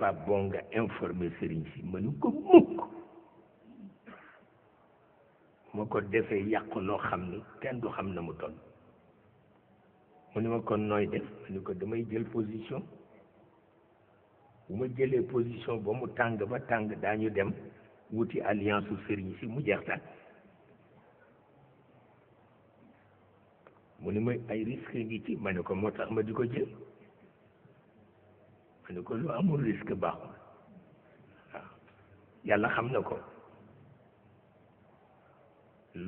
pas bon nga informer sëriñ si mënu ko mukk moo ko defee yàqu noo xam ni kenn du xam na mu toll mu ni ma kon nooy def ma ni ko damay jël position bu ma jëlee position ba mu tàng ba tàng daañu dem wuti alliance su sëriñ si mu jeex tàkk mu ni ma ay risque ngi ci ma ne ko moo tax ma di ko jël mu ko lu amul risque baaxul waaw yàlla xam na ko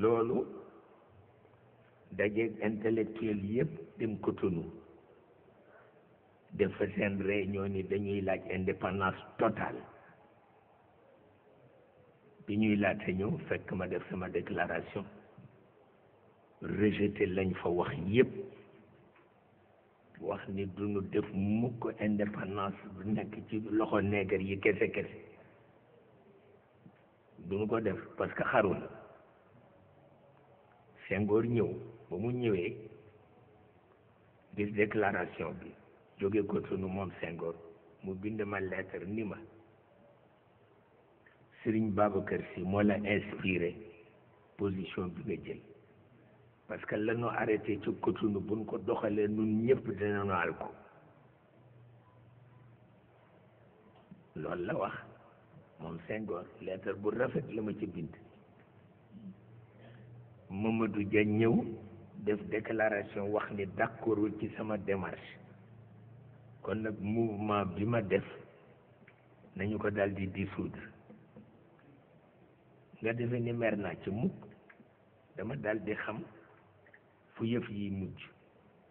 loolu dajeeg intellectuel yëpp dem ko tunu def fa seen réunion ni dañuy laaj indépendance totale bi ñuy laata ñëw fekk ma def sama déclaration rejeté lañ fa wax yëpp wax ni duñu def mukk indépendance du nekk ci loxo neegar yi kese kese duñu ko def parce que xaru sengoor Senghor ñëw ba mu ñëwee gis déclaration bi jóge ko sunu moom Senghor mu bind ma lettre ni ma Serigne Babacar Sy moo la inspiré position bi nga jël parce que la ñu arrêté ci Cotonou buñ ko doxalee nun ñëpp dinañu al ko lool la wax moom Senghor lettre bu rafet la ma ci bind Mamadou Dia ñëw def déclaration wax ni d'accordul ci sama démarche kon nag mouvement bi ma def nañu ko daldi di dissoudre nga defe ni mer naa ci mukk dama daal xam fu yëf yi mujj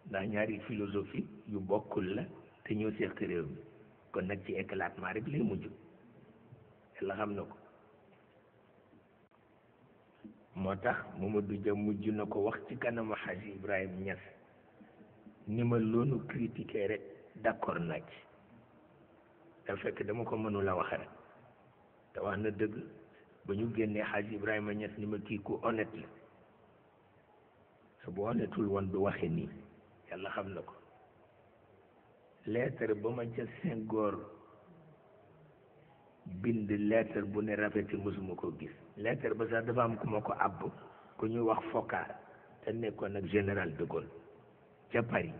ndax ñaari philosophie yu bokkul la te ñoo seq réew mi kon nag ci éclatement rek lay mujj la xam na ko moo tax du Dia mujj na ko wax ci kanamu Hadj Ibrahima Niass ni ma loonu critiquer rek d'accord nag ci da fekk dama ko mënula wax rek te wax na dëgg ba ñu génnee Hadj Ibrahima Niass ni ma kii ku honnête la su booletul woon du waxe nii yàlla xam na ko lettre ba ma ca Senghor bind lettre bu ne rafeti musuma ko gis lettre ba sax dafa am ku ma ko àbb ku ñuy wax Foccart te nekkoon ak général de Gaulle ca Paris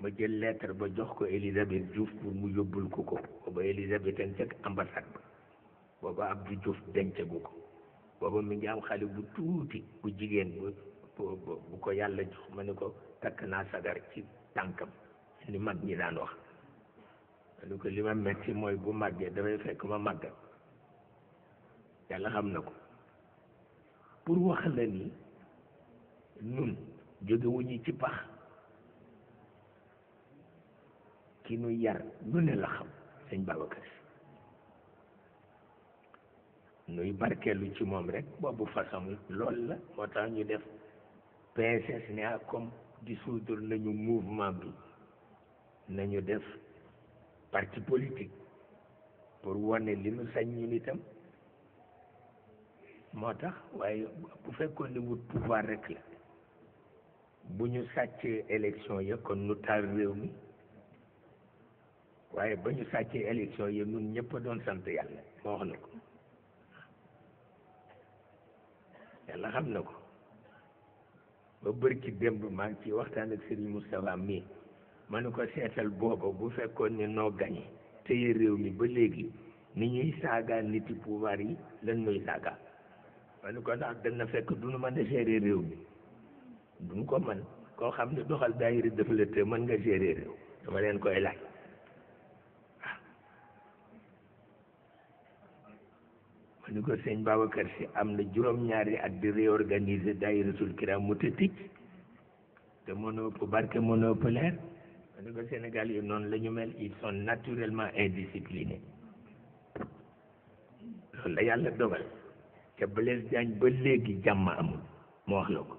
ma jël lettre ba jox ko Élisabeth Diouf pour mu yóbbul ko ko booba Élisabeth an ca ambassade ba booba Abdou Diouf dencagu ko booba mi ngi am xale bu tuuti bu jigéen bu ko yàlla jox ma ne ko takk naa sagar ci tànkam ni mag ñi daan wax ma ko li ma metti mooy bu màggee dafay fekk ma màggat yàlla xam na ko pour wax la ni nun jógewuñu ci pax ki nu yar lu ne la xam sëñ Babacar nuy barkeelu ci moom rek boobu façon lool la moo tax ñu def PSS ne ah comme dissoudre nañu mouvement bi nañu def parti politique pour wone li nu sañ ñun itam moo tax waaye bu fekkoon ni wut pouvoir rek la bu ñu sàccee élection ya kon nu taal réew mi waaye ba ñu sàccee élection ya nun ñëpp doon sant yàlla moo wax na ko yàlla xam na ko ba bërki démb maa ngi ci waxtaan ak Serigne Moustapha mii ma ne ko seetal booba bu fekkoon ne noo gañe téye réew mi ba léegi ni ñuy saaga nit yi pouvoir yi lan ñuy saaga ma ne ko ndax dana fekk duñu mën a gérer réew mi duñu ko man koo xam ne doxal daayira dafa la te mën nga gérer réew dama leen koy laaj ni ko sëñ Babacar si am na juróom-ñaari at di réorganiser daayiratul kiram mu tëj te mënoo ko barke mënoo ni ko Sénégal yi noonu lañu ñu mel ils sont naturellement indisciplinés loolu la yàlla dogal te Blaise Diagne ba léegi jàmm amul moo wax la ko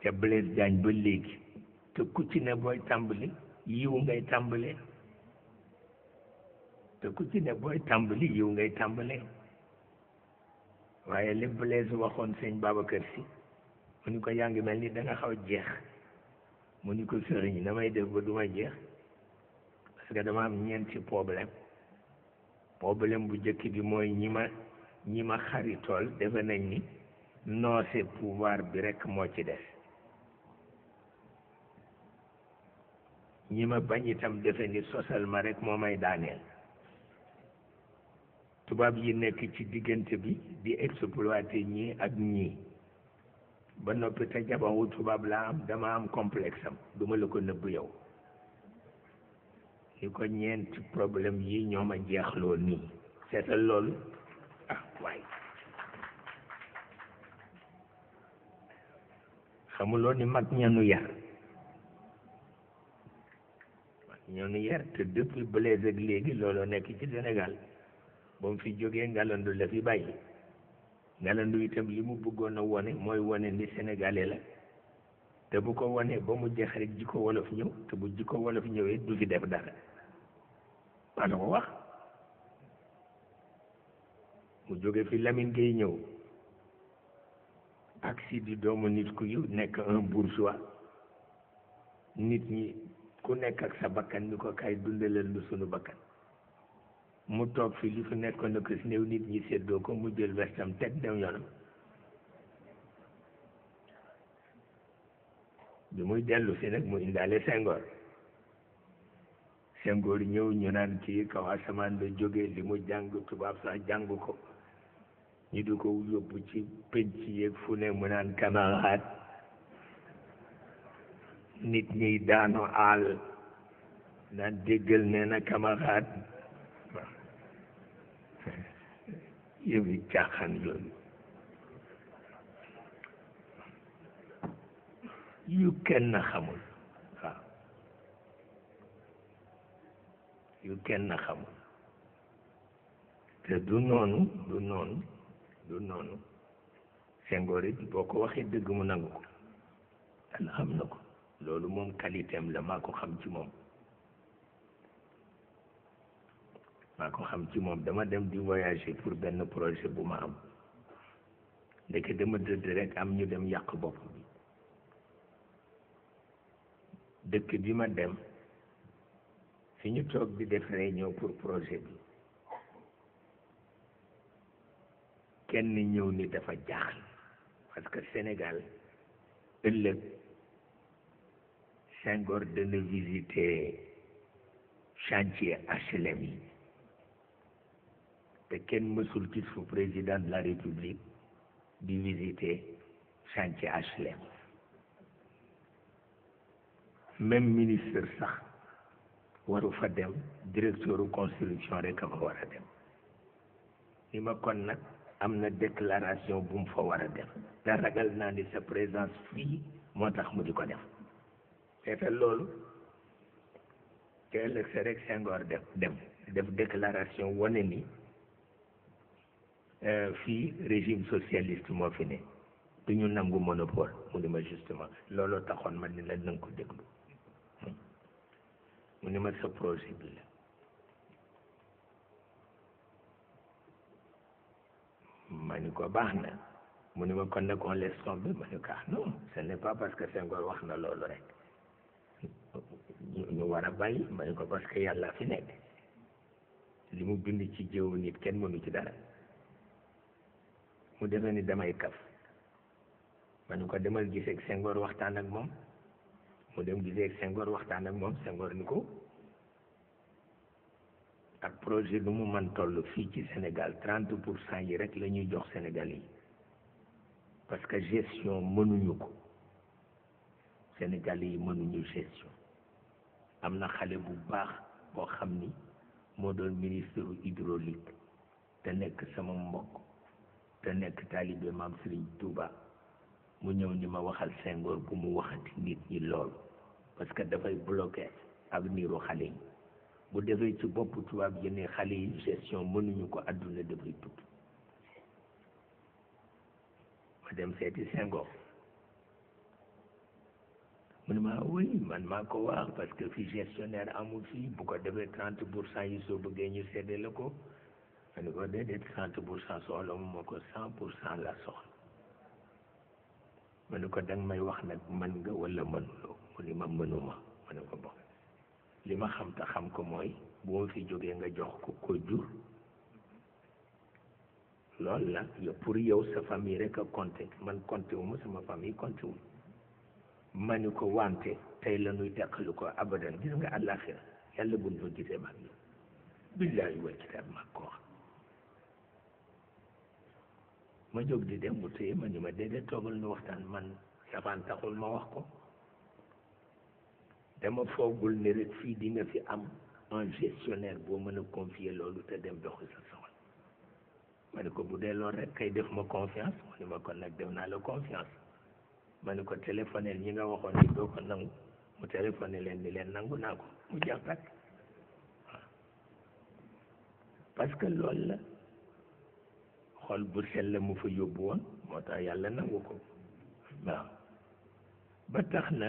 te Blaise Diagne ba léegi te ku ci ne booy tàmbali yiw ngay tàmbalee te ku ci ne booy tàmbali yiw ngay tàmbalee waaye lépp lees waxoon sëñ Babacar si mu ni ko yaa ngi mel ni da nga xaw jeex mu ni ko sëriñ na may def ba duma jeex parce que dama am ñeenti problème problème bu jëkk bi mooy ñi ma ñi ma defe nañ ni noose pouvoir bi rekk moo ci des ñi ma bañ itam defe ni sosal ma rek moo may daaneel tubaab yi nekk ci diggante bi di exploité ñii ak ñii ba noppi te jaban tubaab laa am dama am complexe duma la ko nëbb yow ni ko ñeenti problème yi ñoo ma jeexloo nii seetal loolu ah waaye xamuloo ni mag ñanu yar mag ñanu yar te depuis Blaise ak léegi looloo nekk ci Sénégal ba mu fi jógee ngalandu la fi bàyyi ngalandu itam li mu bëggoon a wone mooy wone ni sénégalais la te bu ko wonee ba mu jeex rek jikko wolof ñëw te bu jikko wolof ñëwee du fi def dara maa ko wax mu jóge fi lamin Gueye ñëw ak si di doomu nit ku yu nekk un ku nekk ak sa bakkan ni ko kay dundaleel lu sunu bakkan mu toog fi li fi nekkoon na ko si néew nit ñi séddoo ko mu jël westam teg dem yoonam bi muy dellu si nag mu indaale sengoor sengoor ñëw ñu naan kii kaw asamaan la jóge li mu jàng tubaab sax jàng ko ñu di ko yóbbu ci penc yeeg fu ne mu naan camarade nit ñiy daanu àll naan déggal nee na camarade yëfi caaxaan yooyu yu kenn xamul waaw yu kenn xamul te du noonu du noonu du noonu Senghor boo ko waxee dëgg mu nangu ko dana xam na ko loolu moom qualité am la maa ko xam ci moom maa ko xam ci moom dama dem di voyager pour benn projet bu ma am ndeke dama dëdd rek am ñu dem yàq bopp bi dëkk bi ma dem fi ñu toog di def réunion pour projet bi kenn ñëw ni dafa jaaxle parce que Sénégal ëllëg Senghor dana visiter chantier HLM yi te kenn mësul gis fu président de la république di visiter chantier HLM même ministre sax waru fa dem directeur construction rek a fa war a dem li ma kon nag am na déclaration bu mu fa war a dem te ragal naa ni sa présence fii moo tax mu di ko def te loolu te ëllëg sa rek Senghor def dem def déclaration wane ni Euh, fi régime socialiste moo fi ne du ñu nangu monopole mu ni ma justement looloo taxoon ma ni la nanga ko déglu hmm. mu ni ma sa projet bi la ma ni ko baax na mu ni ma kon nag on laisse tomber ma ni ko ah non ce n'est pas parce que Senghor wax na loolu rek ñu war a bàyyi ma ni ko parce que yàlla fi nekk li mu bind ci jëw nit kenn mënu ci dara mu defe ni damay kaf ma ko demal giseeg sengoor waxtaan ak moom mu dem giseeg sengoor waxtaan ak moom sengoor ni ko ak projet bu mu man toll fii ci senegal trente pour cent yi rek la ñuy jox Sénégal yi parce que gestion mënuñu ko Sénégal yi mënuñu gestion am na xale bu baax boo xam ni moo doon ministre hydraulique te nekk sama mbokk te nekk taalibe maam Serigne Touba mu ñëw ni ma waxal sengoor bu mu waxati nit ñi lool parce que dafay bloqué avenir u xale yi bu defee ci bopp tubaab yi ne xale yi gestion mënuñu ko àdduna dafay tukki ma dem seeti Senghor mu ne ma oui man maa ko wax parce que fi gestionnaire amul fii bu ko defee trente pour cent yi soo bëggee ñu seddee la ko ma ne ko déedéet trente pour cent soxla mu ma ko cent pour cent la soxla ma ne ko danga may wax nag mën nga wala mënuloo mu ni ma mënuma ma ne ko bon li ma xam te xam ko mooy bu ma fi jógee nga jox ko ko jur loolu la yow pour yow sa famille rek a compté man compté wu ma sama famille compté wu ma ni ko wante tey la ñuy teqalu ko abadan gis nga àllaaxira yàlla buñ fa gisee ma ak yow billaahi kitaab mag ko wax ma jóg di dem mu téye ma ni ma déedéet toogal ñu waxtaan man sabaan taxul ma wax ko dama foogul ni rek fii di nga fi am un gestionnaire boo mën a confier loolu te dem doxi sa soxla ma ne ko bu dee loolu rek kay def ma confiance ma ne ma kon nag def naa la confiance ma ne ko téléphone ñi nga waxoon ni doo ko nangu mu téléphoné leen ni leen nangu naa ko mu jeex parce que loolu la xol bu sell mu fa yóbbu woon moo tax yàlla nangu ko waaw ba tax na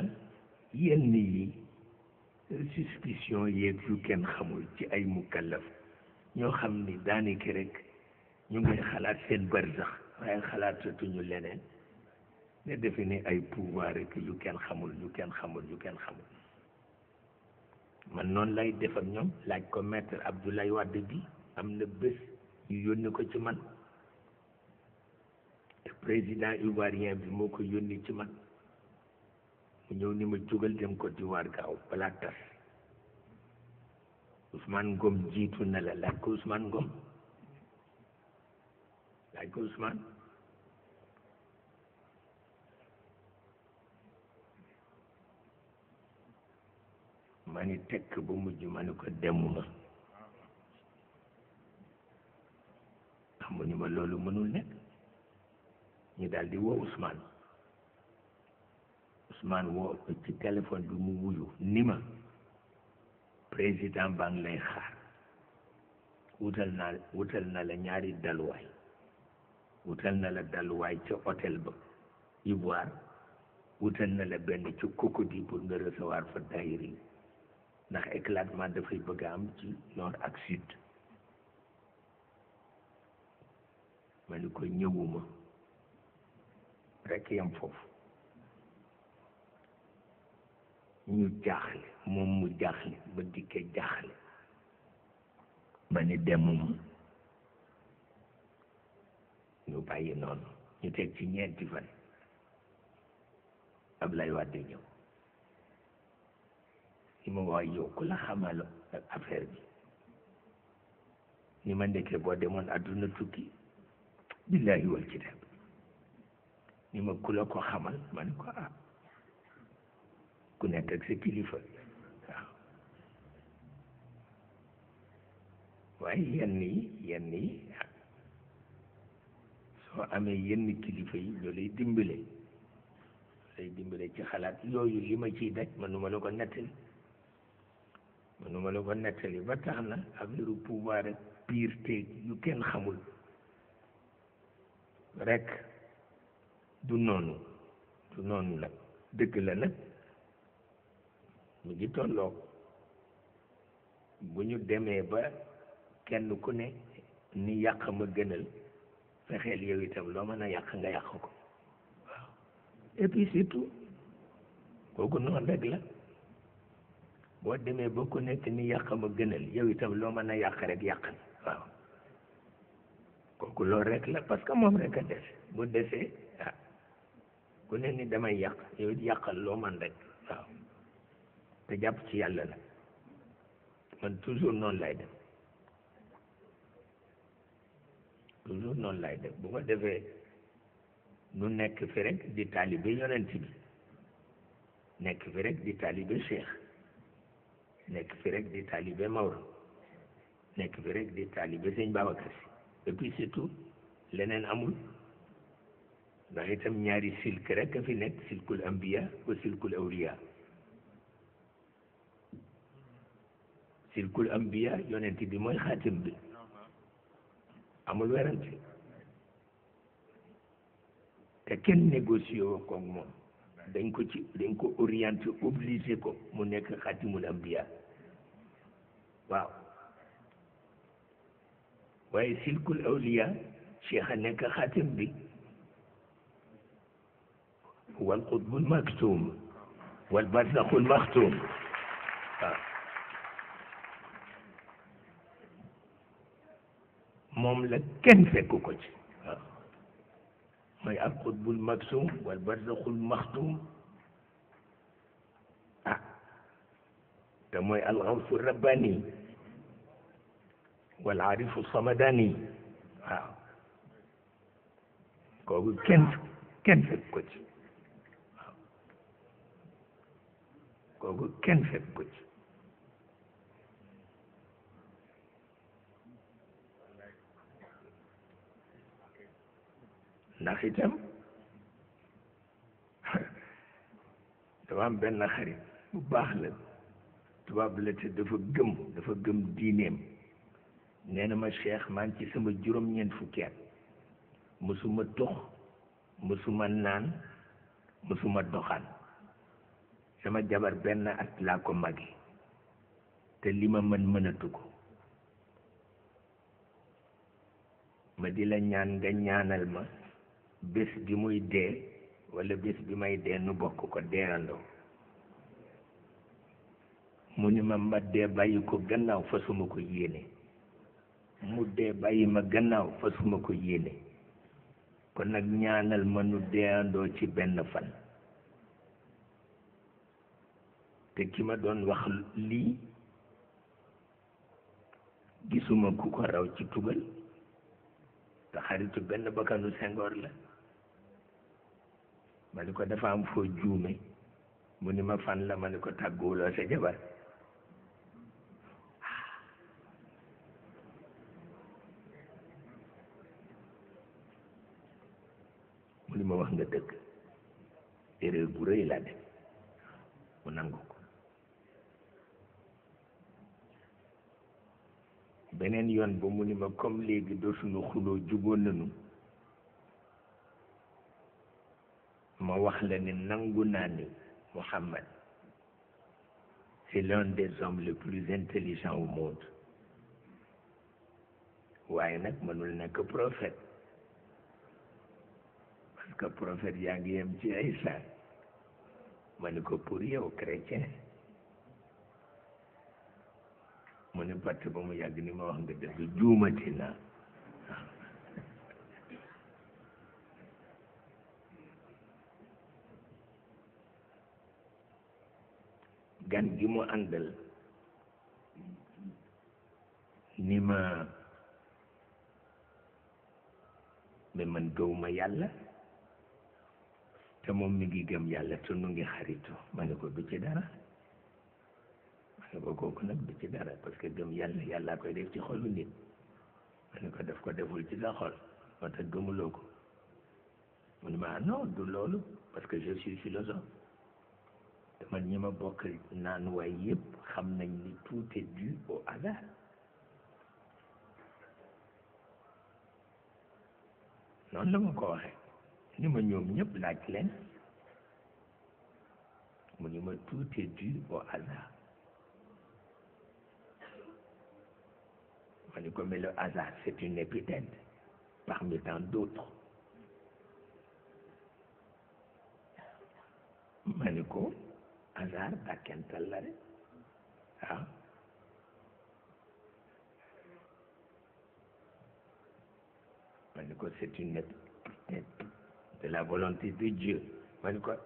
yenn yi suspicion yeeg yu kenn xamul ci ay mukallaf ñoo xam ni daaniki rek ñu ngi xalaat seen bari barzax waaye xalaatatuñu leneen ne defe ni ay pouvoir rek yu kenn xamul yu kenn xamul yu kenn xamul man noonu lay def ak ñoom laaj ko maître Abdoulaye Wade bi am na bés yu yónni ko ci man président ivoirien bi moo ko ci man mu ñëw ni ma jógal dem Côte d'Ivoire gaaw balaa tas Ousmane Ngom jiitu na la laaj ko Ousmane Ngom laaj ko Ousmane ma ni tekk ba mujj ma ni ko demuma xamu ni ma loolu mënul nekk ñu daldi di woo Ousmane Ousmane woo ci téléphone bi mu wuyu ni ma président baa ngi lay xaar wutal naa wutal na la ñaari daluwaay wutal na la daluwaay ca hôtel ba Ivoire wutal na la benn ci Cocody pour nga recevoir fa daayira yi ndax éclatement dafay bëgg am ci nord ak sud ma ni ko ñëwuma rek yam foofu ñu jaaxle moom mu jaaxle ba dikkee jaaxle ba ni demuma ñu bàyyi noonu ñu teg ci ñeenti fan Ablaye Wade ñëw ni ma waa yow ku la xamal affaire bi ni ma ndekkee boo demoon adduna tukki billahi wal kitaab ni ma ku la ko xamal ma ne ko ah ku nekk sa kilifa waaw waaye yenn yi yenn yi soo amee yenn kilifa yi ñoo lay dimbale lay dimbale ci xalaat yooyu li ma ciy daj manuma la ko nettali manuma la ko nettali ba tax na affaire pouvoir ak pire teeg yu kenn xamul rek du noonu du noonu nag dëgg la nag mu ngi tolloo bu ñu demee ba kenn ku ne ni yàq ma gënal fexeel yow itam loo mën a yàq nga yàq ko waaw et puis kooku noonu rek la boo demee ba ku nekk ni yàq ma gënal yow itam loo mën a yàq rek yàq na waaw kooku loolu rek la parce que moom rek a dese bu desee ku ne ni damay yàq yow yàqal loo man rek waaw te jàpp ci yàlla la man toujours noonu lay def toujours noonu lay def bu defee nu nekk fi rek di taalibe yonent bi nekk fi rek di taalibe Cheikh nekk fi rek di taalibe Maodo nekk fi rek di taalibe Sëñ Babacar Si et leneen amul ndax itam ñaari silk rek fi nekk silkul ambiya wa silkul awliya silkul ambiya yonent bi mooy xaatim bi amul werante te kenn négocié woo koog moom ko ci dañ ko orienté obligé ko mu nekk xaatimul ambiya waaw waaye silkul awliya cheikh a nekk xaatim bi والقطب المكتوم والبرزخ المختوم آه. مملك كن في كوكوتش آه. مي القطب المكتوم والبرزخ المختوم تموي آه. الغوص الرباني والعارف الصمداني كوكو كن كن في كوكوتش kooku kenn fekk ko ci ndax itam dafa am benn xarit bu baax la tubaab la te dafa gëm dafa gëm diineem nee ma cheikh maa ngi ci sama juróom-ñeent fukki mësuma tox mësuma naan mësuma doxaan sama jabar benn at laa ko magi te li ma mën mënatu ko ma di la ñaan nga ñaanal ma bés bi muy dee walla bés bi may dee nu bokk ko deeyandoo mu ni ma ma dee bàyyi ko gannaaw fasuma ko yéene mu dee bàyyi ma gannaaw fasuma ko yéene kon nag ñaanal ma nu deeyandoo ci benn fan te ki ma doon wax lii gisuma ku ko raw ci tugal te xaritu benn bakkanu sengoor la ma ni ko dafa am foo juume mu ni ma fan la ma ni ko tàgguwuloo sa jabar mu ni ma wax nga dëgg erreur rëy laa def mu nangu ko benen yoon ba ni ma comme léegi dootuñu xuloo il ma wax la ni Muhammad c'est l'un des hommes les plus intelligents au monde waaye nag mënul nekk prophète parce que prophète yaa ngi yem ci Isa ma ko pour chrétien mu ne bàtt ba mu yàgg ni ma wax nga dëgg juumati naa gan gi mu àndal ni ma mais man gëwuma yàlla te moom mi gi gëm yàlla te nu ngi xaritu ma ne ko du ci dara ne ko kooku nag du ci dara parce gëm yàlla yàllaa koy def ci xolu nit ma ne ko def ko deful ci sa xol moo tax gëmuloo ko mu ne ma ah non du loolu parce que je suis philosophe te man ñi ma bokk naan waay yëpp xam nañ ni tout est dû au hasard ko waxee ni ma ñoom laaj leen Mais le hasard, c'est une épithète parmi tant d'autres. hasard bah, hein. Hein? c'est une épithète de la volonté de Dieu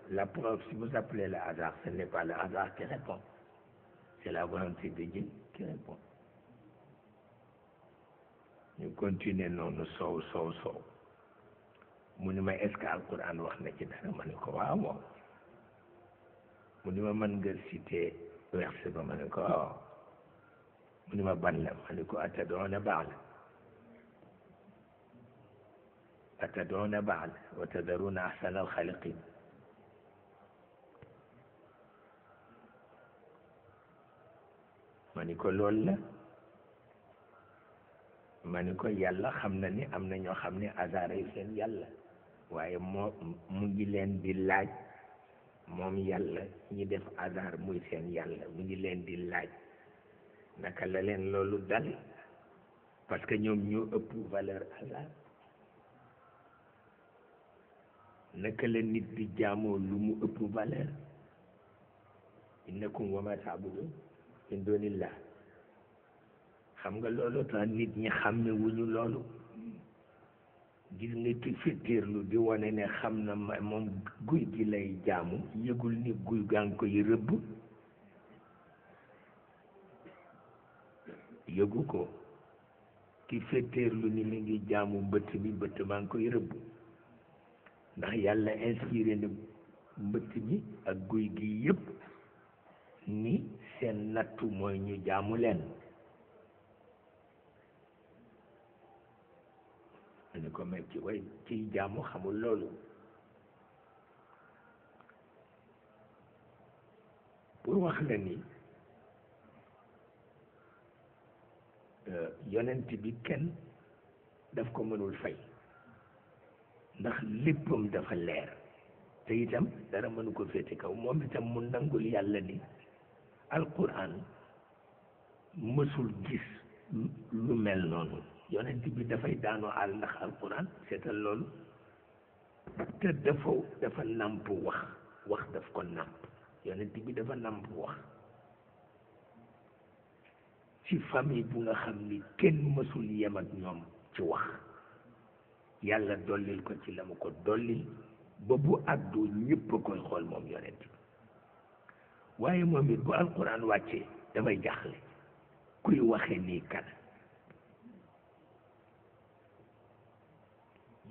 la preuve si vous appelez le hasard ce n'est pas le hasard qui répond c'est la volonté de Dieu qui répond ñu continuer noonu soow soow soow mu ni ma est ce que wax na ci dara ma ne ko waaw moom mu ni ma mën nga cité verset ba ma ne ko waaw mu ni ma ban la ma ne ko atadoona baax la أتدعون ahsana وتذرون أحسن الخالقين ko نقول la ma ni ko yàlla xam na ni am na ñoo xam ne asaare yu seen yàlla waaye moo mu ngi leen di laaj moom yàlla ñi def asaar muy seen yàlla mu ngi leen di laaj naka la leen loolu dal parce que ñoom ñoo ëpp valeur asaar naka la nit di jaamoo lu mu ëpp valeur innakum wa ma taabudun min dunillah xam nga loolu tax nit ñi xam ne wuñu loolu gis nga ki fittirlu di wane ne xam na ma moom guy gi lay jaamu yëgul ni guy gaa ngi koy rëbb yëgu ko ki fittirlu ni mi ngi jaamu mbëtt bi mbëtt maa ngi koy rëbb ndax yàlla inspiré na mbëtt bi ak guy gi yépp ni seen nattu mooy ñu jaamu leen mu ne ko mais ci way ci jaamu xamul loolu pour wax la ni euh, yonent bi kenn daf ko mënul fay ndax léppam dafa leer te itam dara mënu ko féete kaw moom itam mu nangul yàlla ni alquran mësul gis lu mel noonu yonent bi dafay daanu àll ndax alquran seetal loolu te dafa dafa nàmp wax wax daf ko nàmp yonent bi dafa nàmp wax ci famille bu nga xam ni kenn mësul yem ak ñoom ci wax yàlla dollil ko ci la mu ko dollil ba bu àddoo ñëpp a koy xool moom yonent bi waaye moom it bu alquran wàccee dafay jaxle kuy waxe nii kan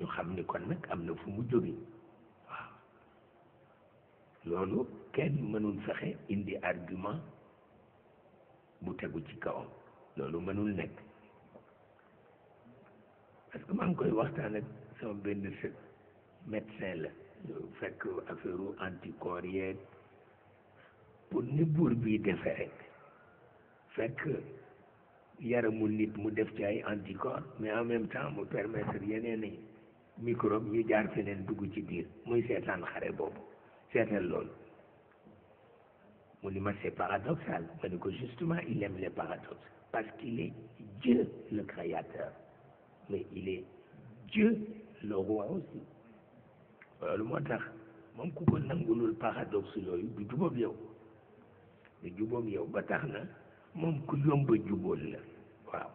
ñu xam ni kon nag am na fu mu jóge waaw loolu kenn mënul fexe indi argument bu tegu ci kawam loolu mënul nekk parce que maa ngi koy waxtaan ak sama benn sët médecin la fekk affaire anticorps yeeg pour ni buur bii defee rek fekk yaramu nit mu def ci ay anticorps mais en même temps mu permettre yeneen yi microbe ñu jaar feneen dugg ci biir muy seetaan xare boobu seetal loolu mu ni ma paradoxal ma ni ko justement il aime les paradoxes parce qu'il est Dieu le créateur mais il est Dieu le roi aussi loolu moo tax moom ku ko nangulul paradoxe yooyu du jubóom yow du jubóom yow ba tax na moom ku yomba jubóol la waaw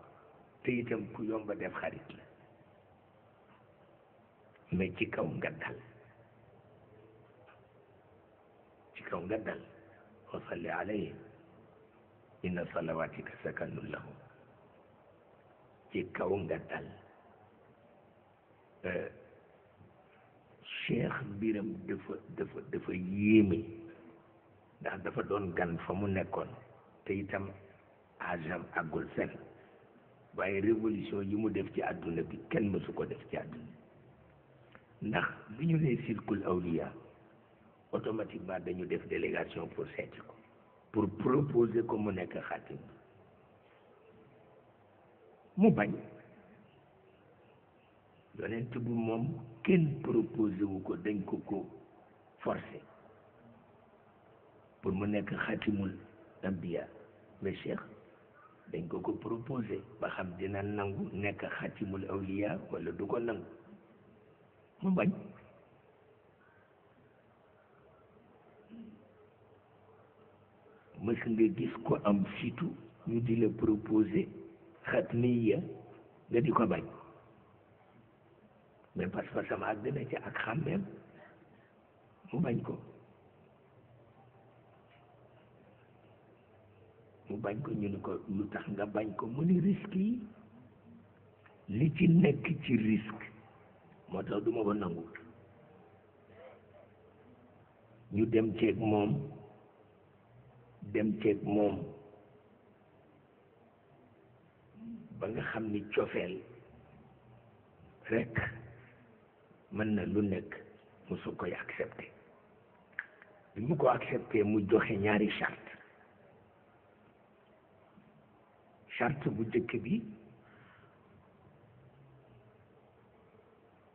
te itam ku yomba def xarit la mais ci kaw nga dal ci kaw nga dal wa salli alayhi inna salawatika sakanun lahu ci kaw nga dal euh, cheikh biram dafa dafa dafa yéeme ndax dafa doon gan fa mu nekkoon te itam agam àggul fenn waaye révolution yi mu def ci àdduna bi kenn mësu ko def ci àdduna ndax bi ñu nee circul awliya automatiquement dañu def délégation pour seeti ko pour proposer ko mu nekk xaatim mu bañ yonent bi moom kenn proposé wu ko dañ ko ko forcé pour mu nekk xaatimul ambiya mais cheikh dañ ko ko proposé ba xam dina nangu nekk xaatimul awliya wala du ko nangu mu bañ mës nga gis ko am fitu ñu di la proposer xatmiya nga di ko bañ mais parce que sama àgg na ci ak xàmmeem mu bañ ko mu bañ ko ñu ne ko lu tax nga bañ ko mu ni risque yi li ci nekk ci risque moo tax du ma ko nangu ñu dem ceeg moom dem ceeg moom ba nga xam ni cofeel rekk mën na lu nekk musu koy accepté bi mu ko accepté mu joxe ñaari charte chart bu jëkk bi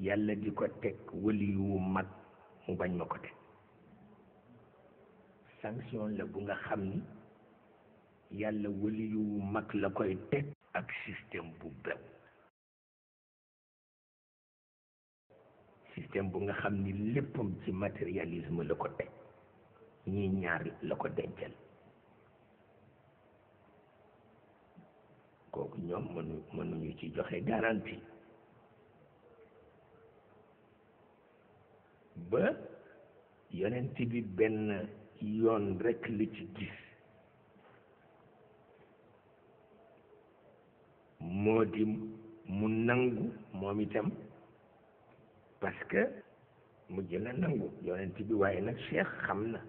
yàlla di ko teg waliyu mag mu bañ ma ko teg sanction la bu nga xam ni yàlla waliyu mag la koy teg ak système bu bew système bu nga xam ni léppam ci matérialisme la ko teg ñii ñaar la ko dencal kooku ñoom mënu mënuñu ci joxe garantie ba yonent bi benn yoon rekk li ci gis moo di mu nangu moom itam parce que mu jëla nangu yonent bi waaye nag cheikh xam na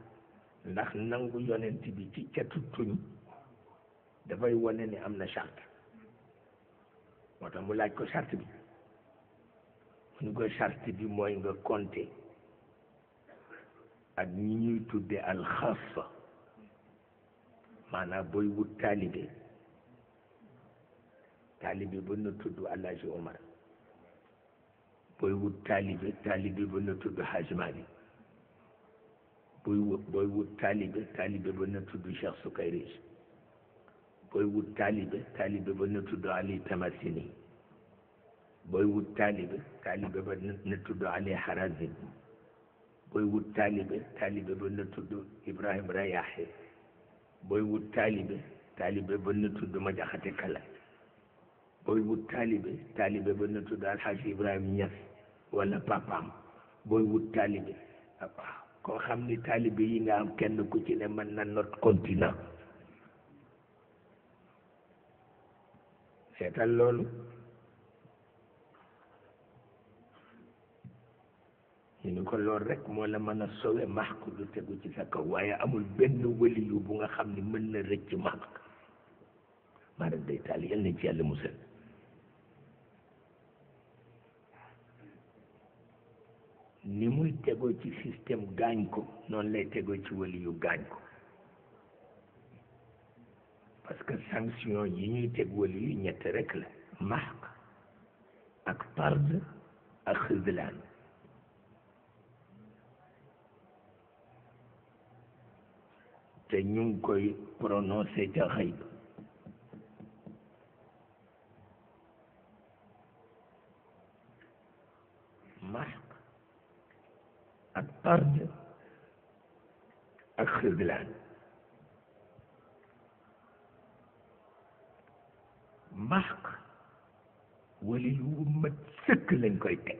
ndax nangu yonent bi ci catu tuñ dafay wane ni am na charte moo mu laaj ko charte bi mu ñu ko charte bi mooy nga compter ak ñi ñuy tudde alxassa maanaam booy wut taalibe taalibe ba na tudd Alaaji Omar booy wut taalibe taalibe ba na tudd Hajj Malick booy wut booy wut taalibe taalibe ba na tudd Cheikh Sukayri booy Tamasini booy wut taalibe taalibe ba na tudd Ali booy wut taalibe taalibe ba na tudd Ibrahima Rayaaxe booy wut taalibe taalibe ba na tudd Majaxate Kala booy wut taalibe taalibe ba na tudd Alxaaji Ibrahima Ñas wala papaam booy wut taalibe ko xam ni taalibe yi nga am kenn ku ci ne mën na not continent seetal loolu ñu ni ko lool rek moo la mën a sole maxk du tegu ci sa kaw waaye amul benn wëliyu bu nga xam ni mën na rëcc maxk ma day taal yal na ci yàlla musal ni muy tegoo ci système gaañ ko noonu lay tegoo ci wëliyu gaañ ko parce que sanction yi ñuy teg wëliyu ñett rekk la maxk ak tard ak xislaan te ñu koy prononcé ca xëy ba masque ak tard ak xiblaan masque wali yu sëkk lañ koy teg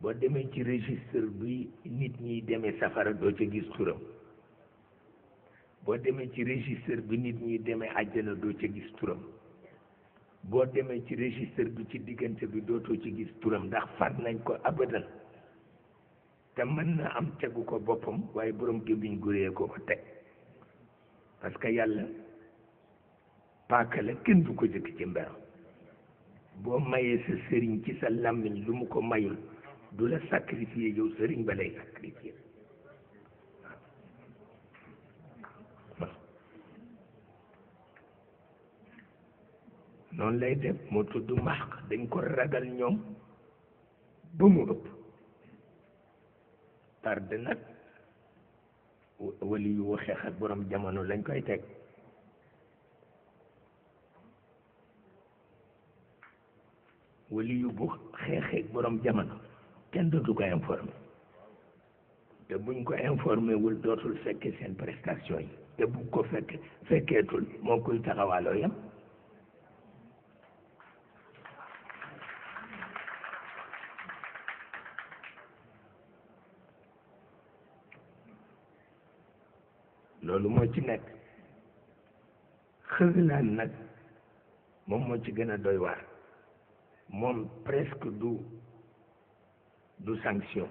boo demee ci registre bi nit ñiy demee safara doo ca gis turam boo demee ci régisteur bi nit ñiy demee àjjana doo ca gis turam boo demee ci registre bi ci diggante bi dootoo ci gis turam ndax far nañ ko abadan te mën na am tegu ko boppam waaye borom gémmiñ guree ko ko teg parce que yàlla paaka la kenn du ko jëkk ci mberam boo mayee sa sëriñ ci sa làmmiñ lu mu ko mayul du la sacrifier yow sëriñ ba lay sacrifier noonu lay def moo tudd maxq dañ ko ragal ñoom ba mu ëpp tarde nag wali yu waxee ak borom jamono lañ koy teg wali yu bu xeexee borom jamono kenn du ko informé te buñ ko informé dootul fekke seen prestation yi te ko fekke fekkeetul moo koy taxawaaloo yam loolu moo ci nekk xëglaan nag moom moo ci gën a doy waar moom presque du du sanction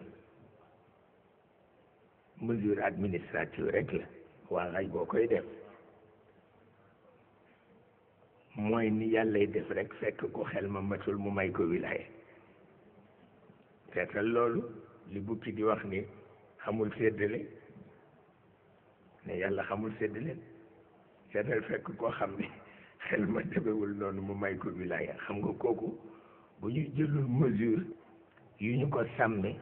mesure administrative rek la waa laaj boo koy def mooy ni yàllay def rek fekk ko xel ma matul mu may ko wilaaye seetal loolu li bukki di wax ni xamul séddale ne yàlla xamul séddale seetal fekk koo xam ni xel ma demewul noonu mu may ko wilaaye xam nga kooku bu ñu jëlul mesure yu ñu ko sàmme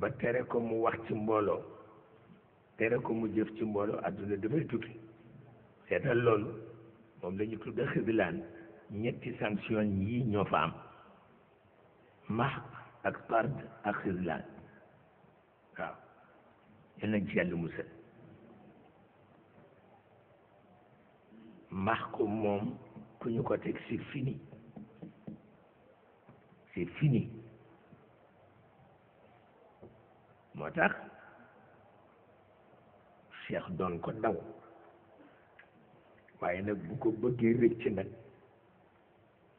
ba tere ko mu wax ci mbooloo tere ko mu jëf ci mbooloo adduna dafay tukki seetal loolu moom la ñu tudde xiblaan ñetti sanction yi ñoo fa am max ak tard ak xiblaan waaw yal nañ ci yàlla musal max ko moom ku ñu ko teg c'est fini c'est fini moo tax cheikh doon ko daw waaye nag bu ko bëggee rëcc nag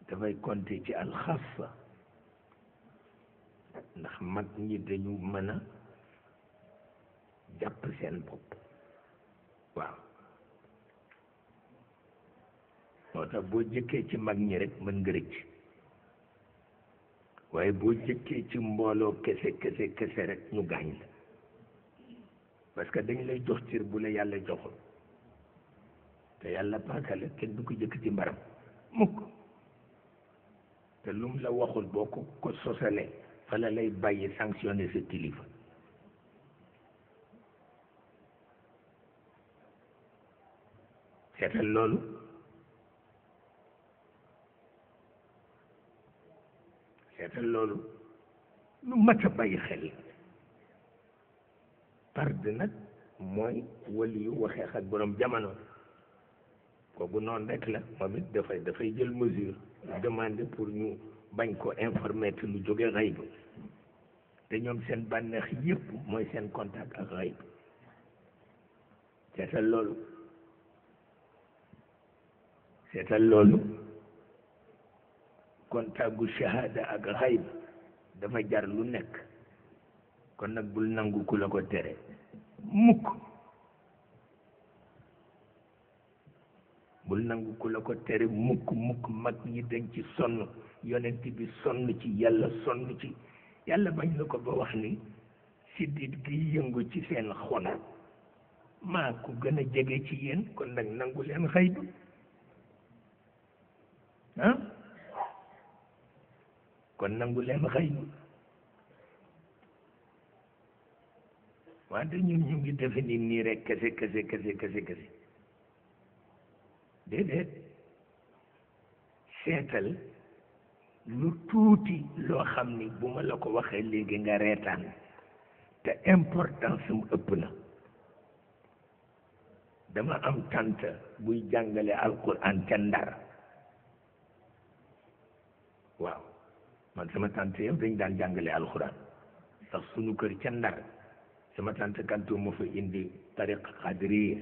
dafay compter ci alxassa ndax mag ñi dañu mën a jàpp seen bopp waaw moo tax boo jëkkee ci mag ñi rek mën nga rëcc waaye boo jëkkee ci mbooloo kese kese kese rek ñu gaañ la parce que dañ lay jox cër bu la yàlla joxul te yàlla paakale kenn du ko jëkk ci mbaram mukk te lum la waxul boo ko ko sosalee fa la lay bàyyi sanctionné sa kilifa seetal loolu seetal loolu lu mat a bàyyi xel pard nag mooy wali yu waxee ak borom jamono kooku noonu rek la moom it dafay dafay jël mesure demandé pour ñu bañ koo informer te lu jóge xayb te ñoom seen bànneex yépp mooy seen contact ak xayb seetal loolu seetal loolu kon tàggu shahada ak xayb dafa jar lu nekk kon nag bul nangu ku la ko tere mukk nangu ku ko tere mukk mukk mag ñi dañ ci sonn yonent bi sonn ci yàlla sonn ci yàlla bañ la ko ba wax ni siddit gi yëngu ci seen xon maa ku gën a jege ci yéen kon nag nangu leen xayb ah kon nangu leen xëy wante ñun ñu ngi defe nit nii rek kese kese kese déedéet seetal lu tuuti loo xam ni bu ma la ko waxee léegi nga reetaan te importance mu ëpp na dama am tant buy jàngale alquran ca ndar waaw man sama tante yëpp dañ daan jàngale alxuraan ndax suñu kër ca ndar sama tante kanto moo fa indi tariq xadiriya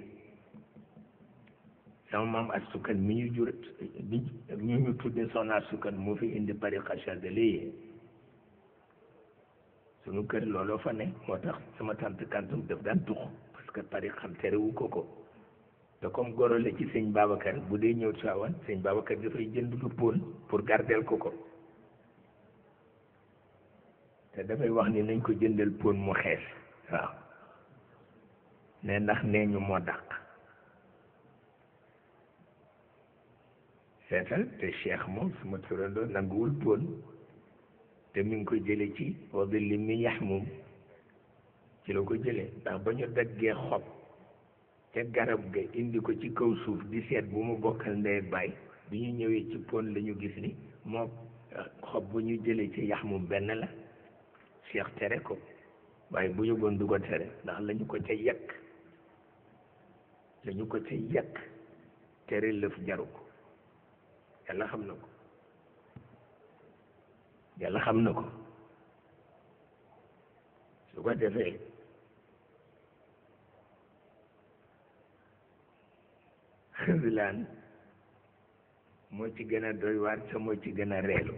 sama maam asukan mi ñu jur mi ñu tudde soxna asukan moo fi indi tariqa chadiliya suñu kër looloo fa ne moo tax sama tante kanto daf daan tux parce que tariq xam terewu ko ko te comme gorole ci sëñ Babacar bu dee ñëw Tiwaawan sëñ Babacar dafay jënd lu pool pour gardel ko ko te dafay wax ni nañ ko jëndal pon mu xees waaw ne ndax nee ñu moo dàq seetal te cheikh moom suma turandoo nanguwul pon te mi ngi ko jële ci wadi li mi yax moom ci la ko jële ndax ba ñu daggee xob ca garab ga indi ko ci kaw suuf di seet bu mu bokkal ndey baay bi ñu ñëwee ci pon lañu ñu gis ni moo eh, xob bu ñu jële ci yax moom benn la Cheikh tere ko waaye bu yëgoon du ko tere ndax lañu ko ca yekk lañu ko ca yekk tere lëf jaru ko yàlla xam na ko yàlla xam na ko su ko defee xëwilaan mooy ci gën a doy waar sa moo ci gën a reelu